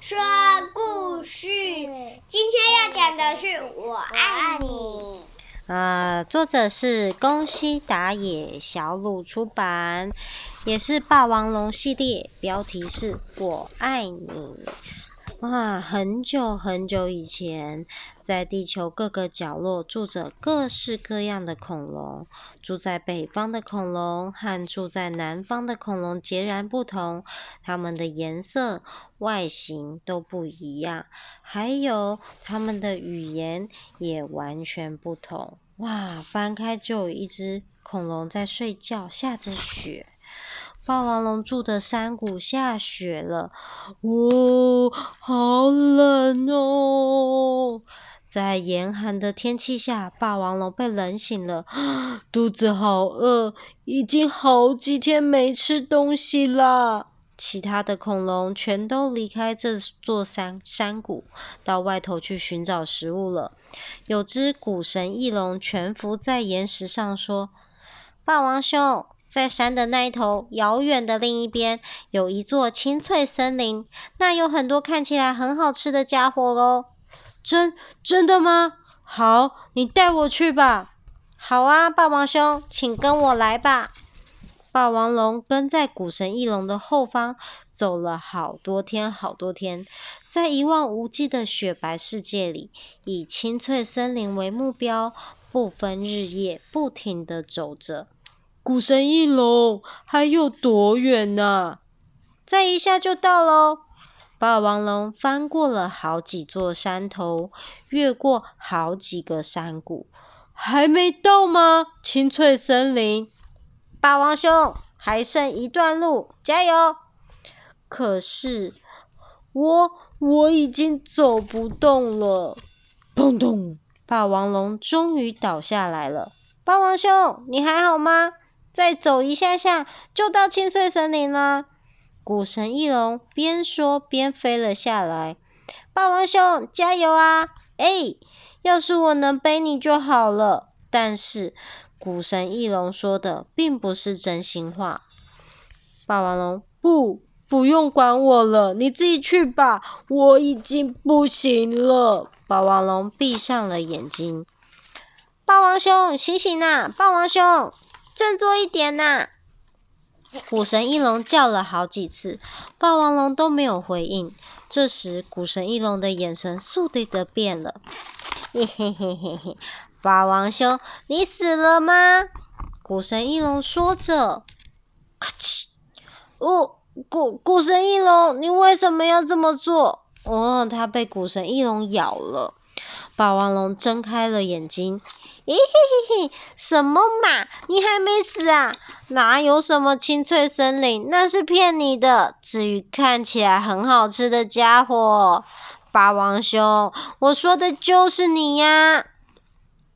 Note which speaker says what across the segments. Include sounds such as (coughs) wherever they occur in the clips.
Speaker 1: 說故事，今天要講的是《我愛你》愛你。啊、呃，作者是宮西達也，小魯出版，也是霸王龍系列，標題是《我愛你》。哇，很久很久以前，在地球各個角落住着各式各樣的恐龍。住在北方的恐龍和住在南方的恐龍截然不同，它們的顏色、外形都不一樣，還有它們的語言也完全不同。哇，翻開就有一隻恐龍在睡覺，下着雪。霸王龍住的山谷下雪了，哇、哦，好冷哦！在嚴寒的天氣下，霸王龍被冷醒了， (coughs) 肚子好餓，已經好幾天沒吃東西啦。其他的恐龍全都離開這座山山谷，到外頭去尋找食物了。有只古神翼龍蜷伏在岩石上說：“霸王兄。”在山的那一頭，遙遠的另一邊，有一座青翠森林。那有很多看起來很好吃的傢伙哦。真真的嗎？好，你帶我去吧。好啊，霸王兄，請跟我來吧。霸王龍跟在古神翼龍的後方，走了好多天好多天，在一望無際的雪白世界裡，以青翠森林為目標，不分日夜，不停地走着。古神翼龍，還有多遠呢，啊？再一下就到嘍！霸王龍翻過了好幾座山頭，越過好幾個山谷。還沒到嗎？青翠森林。霸王兄還剩一段路，加油！可是我我已經走不動了。砰、咚！霸王龍終於倒下來了。霸王兄，你還好嗎？再走一下下，就到清水森林了。古神翼龍邊說邊飛了下來。霸王兄，加油啊！哎、欸，要是我能背你就好了。但是古神翼龍說的並不是真心話。霸王龍，不，不用管我了，你自己去吧，我已經不行了。霸王龍閉上了眼睛。霸王兄，醒醒啊，霸王兄！振作一點吶、啊！古神翼龍叫了好幾次，霸王龍都沒有回應。這時，古神翼龍的眼神倏地變了。嘿嘿嘿嘿嘿！霸王兄，你死了嗎？古神翼龍說着。咔、啊、嚓！哦，古古神翼龍，你為什麼要這麼做？哦，他被古神翼龍咬了。霸王龍睜開了眼睛，咦、欸、嘿嘿嘿，什麼嘛？你還沒死啊？哪有什麼清脆森林，那是騙你的。至於看起來很好吃的傢伙，霸王兄，我說的就是你呀！啊！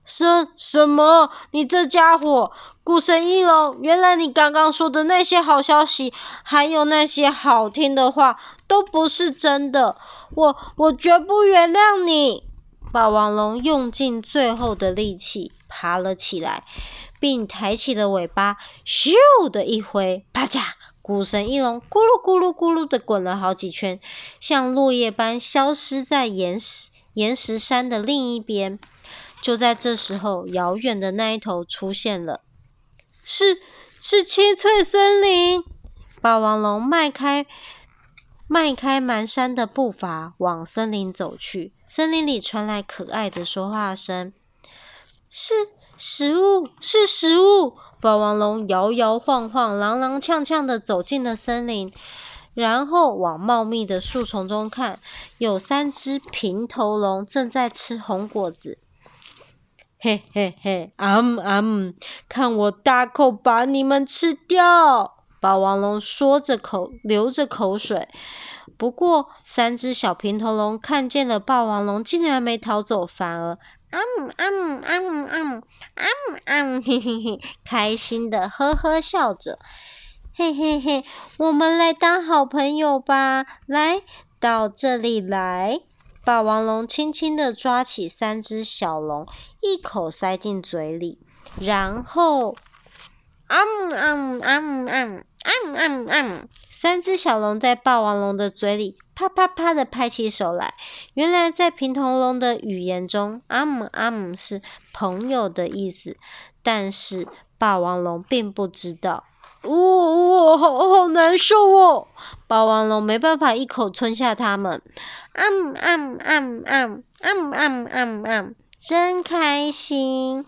Speaker 1: 什什麼？你這傢伙，古神翼龍，原來你剛剛說的那些好消息，還有那些好聽的話，都不是真的。我我絕不原諒你。霸王龍用盡最後的力氣爬了起來，並抬起了尾巴，咻的一揮，啪嚓！古神翼龍，咕嚕，咕嚕咕嚕咕嚕的滾了好幾圈，像落葉般消失在岩石岩石山的另一邊。就在這時候，遙遠的那一頭出現了，是是青翠森林。霸王龍邁開。邁開蹣跚的步伐往森林走去，森林裡傳來可愛的說話聲：“是食物，是食物！”霸王龍搖搖晃晃、踉踉蹌蹌的走進了森林，然後往茂密的樹叢中看，有三隻平頭龍正在吃紅果子。嘿嘿嘿，嗷、嗯、嗷、嗯！看我大口把你們吃掉！霸王龍說着口流着口水，不過三只小平頭龍看見了霸王龍，竟然沒逃走，反而啊嗚啊嗚啊嗚啊嗚啊嗚啊嗚嘿嘿嘿，開心的呵呵笑着嘿嘿嘿，我們來當好朋友吧，來到這裡來，霸王龍輕輕的抓起三只小龍，一口塞進嘴裡，然後啊嗚啊嗚啊嗚啊嗚啊姆啊姆啊姆！三隻小龍在霸王龍的嘴裡啪啪啪地拍起手來。原來在平頭龍的語言中，“啊姆啊姆”是朋友的意思，但是霸王龍並不知道。嗚嗚、哦哦哦，好好難受哦！霸王龍沒辦法一口吞下它們。啊姆啊姆啊姆啊姆啊姆啊姆啊姆，真開心。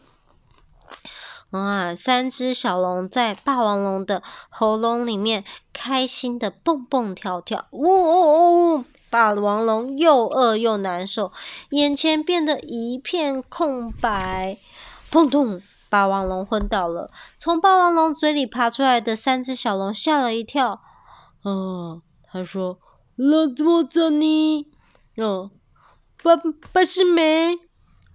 Speaker 1: 哇、啊！三隻小龍在霸王龍的喉嚨裡面開心的蹦蹦跳跳。嗚嗚嗚！霸王龍又餓又難受，眼前變得一片空白。砰砰，霸王龍昏倒了。從霸王龍嘴裡爬出來的三隻小龍嚇了一跳。嗯，他說：“那怎麼着呢？”嗯，巴巴斯梅。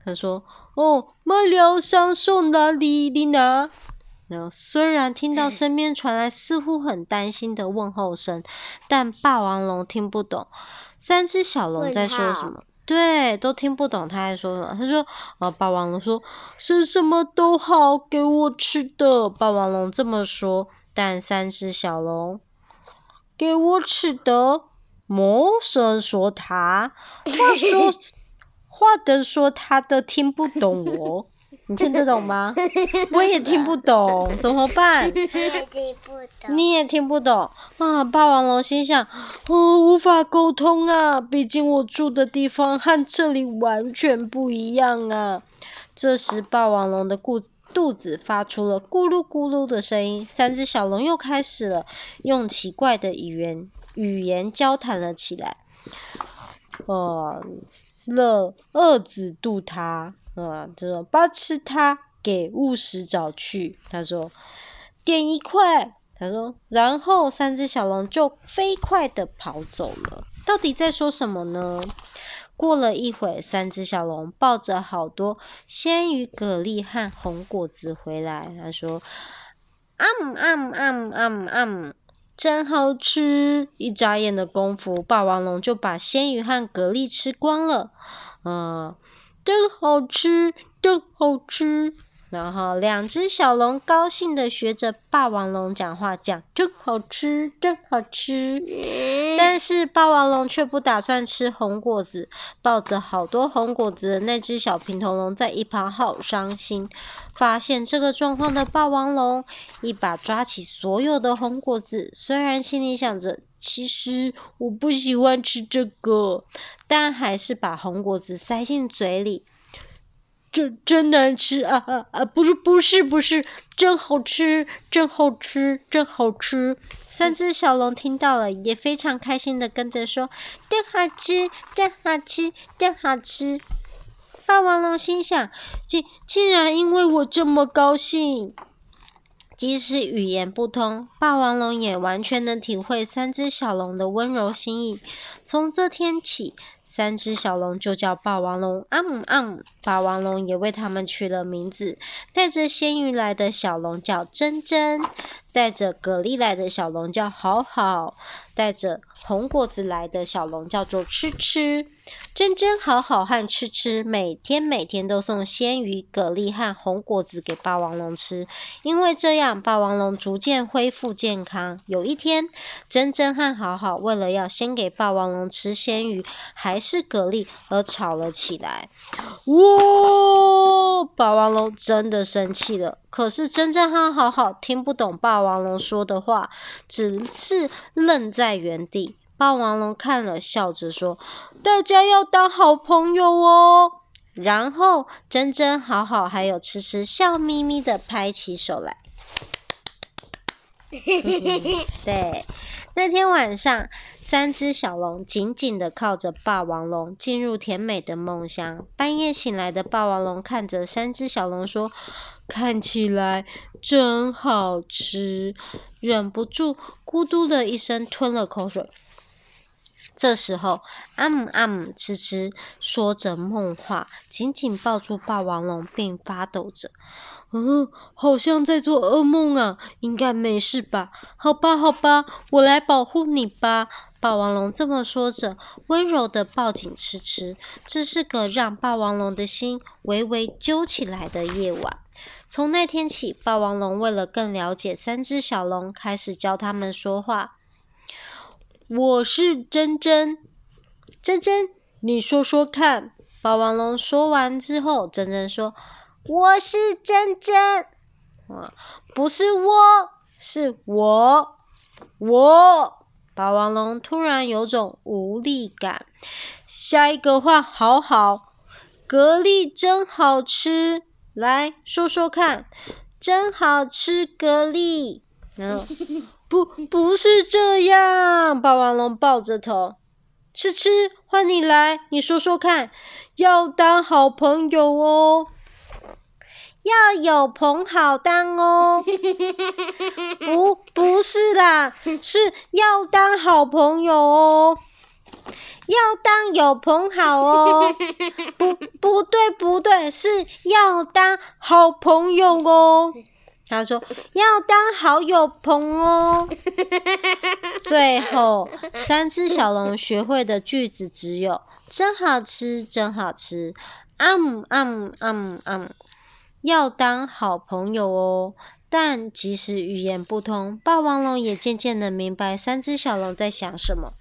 Speaker 1: 他說。哦，沒療傷送哪裡的呢？你嗯，雖然聽到身邊傳來似乎很擔心的問候聲， (laughs) 但霸王龍聽不懂三隻小龍在說什麼。他對，都聽不懂他在說什麼。他說、呃：“霸王龍說，是什麼都好，給我吃的。”霸王龍這麼說，但三隻小龍給我吃的，魔神說他。話說。 (laughs) 話都說他都聽不懂哦。 (laughs) 你聽得懂嗎？ (laughs) 我也聽不懂，怎麼辦？也你也聽不懂，你也聽不懂啊！霸王龍心想：哦、嗯，無法溝通啊！畢竟我住的地方和這裡完全不一樣啊！這時，霸王龍的肚子肚子發出了咕嚕咕嚕的聲音，三隻小龍又開始了用奇怪的語言語言交談了起來。哦、呃。了，樂餓子渡他，啊、嗯，這種把吃他給務食找去。他說點一塊，他說，然後三隻小龍就飛快地跑走了。到底在說什麼呢？過了一會，三隻小龍抱着好多鮮魚、蛤蜊和紅果子回來。他說，啊姆啊姆啊姆啊姆。嗯嗯嗯嗯真好吃！一眨眼的功夫，霸王龍就把鮮魚和蛤蜊吃光了。嗯，真好吃，真好吃。然後兩隻小龍高興的學着霸王龍講話講，講真好吃，真好吃。但是霸王龍卻不打算吃紅果子，抱着好多紅果子的那只小平頭龍在一旁好傷心。發現這個狀況的霸王龍一把抓起所有的紅果子，雖然心裡想着其實我不喜歡吃這個，但還是把紅果子塞進嘴裡。真真難吃啊啊啊！不是不是不是，真好吃，真好吃，真好吃！三隻小龍聽到了，也非常開心的跟着說：“嗯，真好吃，真好吃，真好吃！”霸王龍心想：竟竟然因為我這麼高興。即使語言不通，霸王龍也完全能體會三隻小龍的溫柔心意。從這天起。三只小龍就叫霸王龍，昂、嗯、昂、嗯！霸王龍也為他們取了名字，帶着鮮魚來的小龍叫珍珍。帶着蛤蜊來的小龍叫好好，帶着紅果子來的小龍叫做吃吃。真真、好好和吃吃每天每天都送鮮魚、蛤蜊和紅果子給霸王龍吃，因為這樣霸王龍逐漸恢復健康。有一天，真真和好好為了要先給霸王龍吃鮮魚，還是蛤蜊而吵了起來。哇，霸王龍真的生氣了。可是，真真和好好聽不懂霸王龍說的話，只是愣在原地。霸王龍看了，笑着說：“大家要當好朋友哦。”然後，真真、好好還有遲遲笑眯眯的拍起手來。 (laughs) (laughs) 對，那天晚上，三只小龍緊緊的靠着霸王龍，進入甜美的夢鄉。半夜醒來的霸王龍看着三只小龍說，看起來真好吃，忍不住咕嘟，的一聲吞了口水。這時候，阿姆阿姆，遲遲說着夢話，緊緊抱住霸王龍，並發抖着。嗯、呃，好像在做噩夢啊，應該沒事吧？好吧，好吧，我來保護你吧。霸王龍這麼說着，溫柔的抱緊吃吃，這是個讓霸王龍的心微微揪起來的夜晚。從那天起，霸王龍為了更了解三隻小龍，開始教他們說話。我是珍珍，珍珍，你說說看。霸王龍說完之後，珍珍說：“我是珍珍，啊，不是我，是我，我。”霸王龍突然有種無力感。下一個話，好好，蛤蜊真好吃。來說說看，真好吃蛤蜊。哦、不，不是這樣。霸王龍抱着頭。吃吃，換你來，你說說看，要當好朋友哦，要有朋好當哦。 (laughs) 不，不是啦，是要當好朋友哦。要當有朋好哦，不不對不對，是要當好朋友哦。他說要當好友朋哦。 (laughs) 最後，三隻小龍學會的句子只有“真好吃，真好吃”，嗯嗯嗯嗯。要當好朋友哦。但即使語言不通，霸王龍也漸漸的明白三隻小龍在想什麼。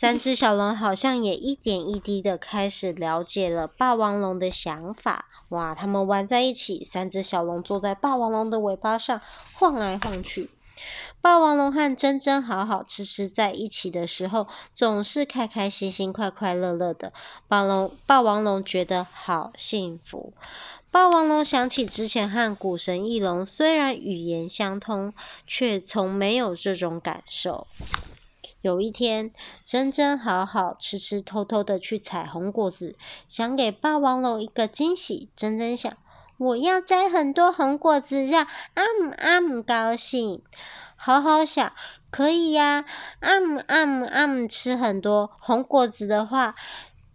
Speaker 1: 三隻小龍好像也一點一滴的開始了解了霸王龍的想法。哇，他們玩在一起，三隻小龍坐在霸王龍的尾巴上晃來晃去。霸王龍和珍珍、好好、吃吃在一起的時候，總是開開心心、快快樂樂的。霸王霸王龍覺得好幸福。霸王龍想起之前和古神翼龍，雖然語言相通，卻從沒有這種感受。有一天，珍珍、好好、吃吃偷偷地去採紅果子，想給霸王龍一個驚喜。珍珍想，我要摘很多紅果子，讓阿姆阿姆高興。好好想，可以呀。阿姆阿姆阿姆吃很多紅果子的話，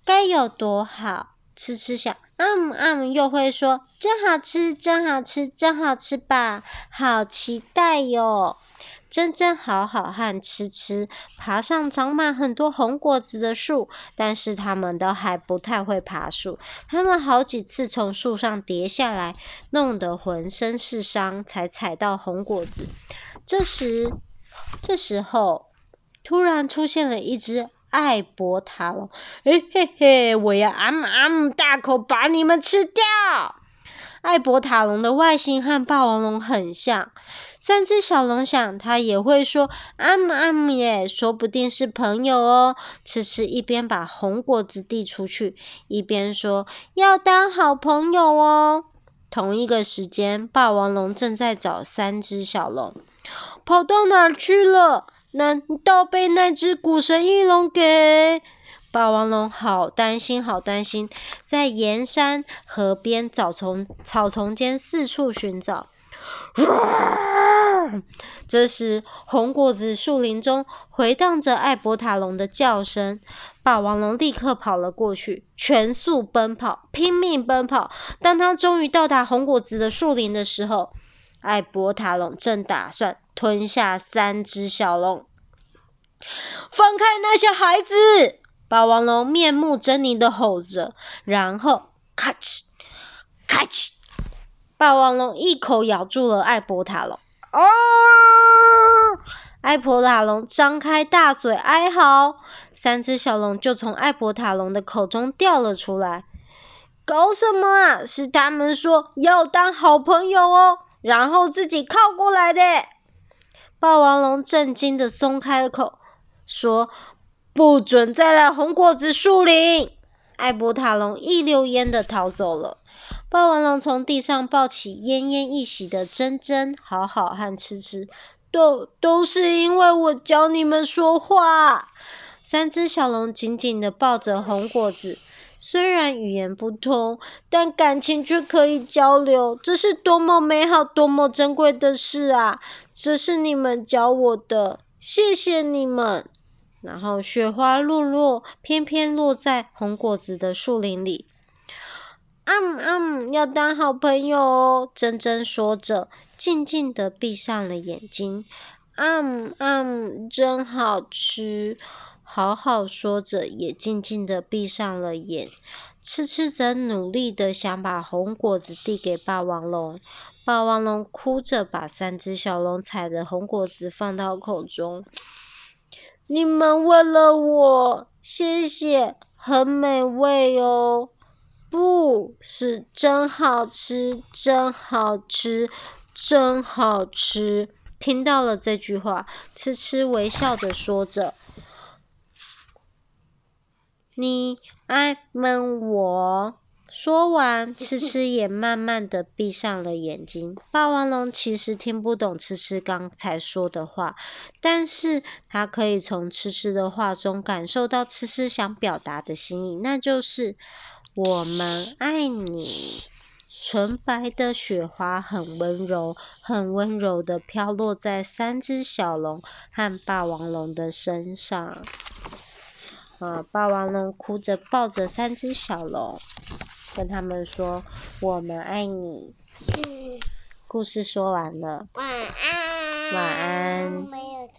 Speaker 1: 該有多好？吃吃想，阿姆阿姆又會說真好吃，真好吃，真好吃吧，好期待喲。真真、好好漢吃吃爬上長滿很多紅果子的樹，但是他們都還不太會爬樹，他們好幾次從樹上跌下來，弄得渾身是傷，才踩到紅果子。這時，這時候突然出現了一隻艾博塔龍，嘿嘿嘿，我要啊 M 大口把你們吃掉！艾博塔龍的外形和霸王龍很像。三隻小龍想，它也會說 “m m” 耶，am, am yeah, 說不定是朋友哦。吃吃一邊把紅果子遞出去，一邊說：“要當好朋友哦。”同一個時間，霸王龍正在找三隻小龍，跑到哪兒去了？難道被那隻古神翼龍給？霸王龍好擔心，好擔心，在岩山河邊草叢草叢間四處尋找。啊這時，紅果子樹林中回蕩着艾伯塔龍的叫聲。霸王龍立刻跑了過去，全速奔跑，拼命奔跑。當他終於到達紅果子的樹林的時候，艾伯塔龍正打算吞下三隻小龍。放開那些孩子！霸王龍面目猙獰的吼着，然後咔嚓，咔嚓，霸王龍一口咬住了艾伯塔龍。哦！艾伯塔龍張開大嘴哀嚎，三隻小龍就從艾伯塔龍的口中掉了出來。搞什麼啊？是他們說要當好朋友哦，然後自己靠過來的。霸王龍震驚的鬆開了口，說：“不准再來紅果子樹林！”艾伯塔龍一溜煙的逃走了。霸王龍從地上抱起奄奄一息的珍珍、好好和吃吃，都都是因為我教你們說話。三只小龍緊緊地抱着紅果子，雖然語言不通，但感情卻可以交流。這是多麼美好、多麼珍貴的事啊！這是你們教我的，謝謝你們。然後雪花落落，翩翩落在紅果子的樹林裡。嗯嗯，要當好朋友哦。珍珍說着，靜靜的閉上了眼睛。嗯嗯，真好吃。好好說着，也靜靜的閉上了眼。吃吃着，努力的想把紅果子遞給霸王龍。霸王龍哭着把三只小龍採的紅果子放到口中。你們為了我，謝謝，很美味哦。不是，真好吃，真好吃，真好吃！聽到了這句話，痴痴微笑着說着：“你愛悶我。”說完，痴痴也慢慢的閉上了眼睛。霸王龍其實聽不懂痴痴剛才說的話，但是他可以從痴痴的話中感受到痴痴想表達的心意，那就是。我們愛你。純白的雪花很溫柔，很溫柔的飄落在三隻小龍和霸王龍的身上。啊，霸王龍哭着抱着三隻小龍，跟他們說：“我們愛你。”故事說完了。晚安。晚安。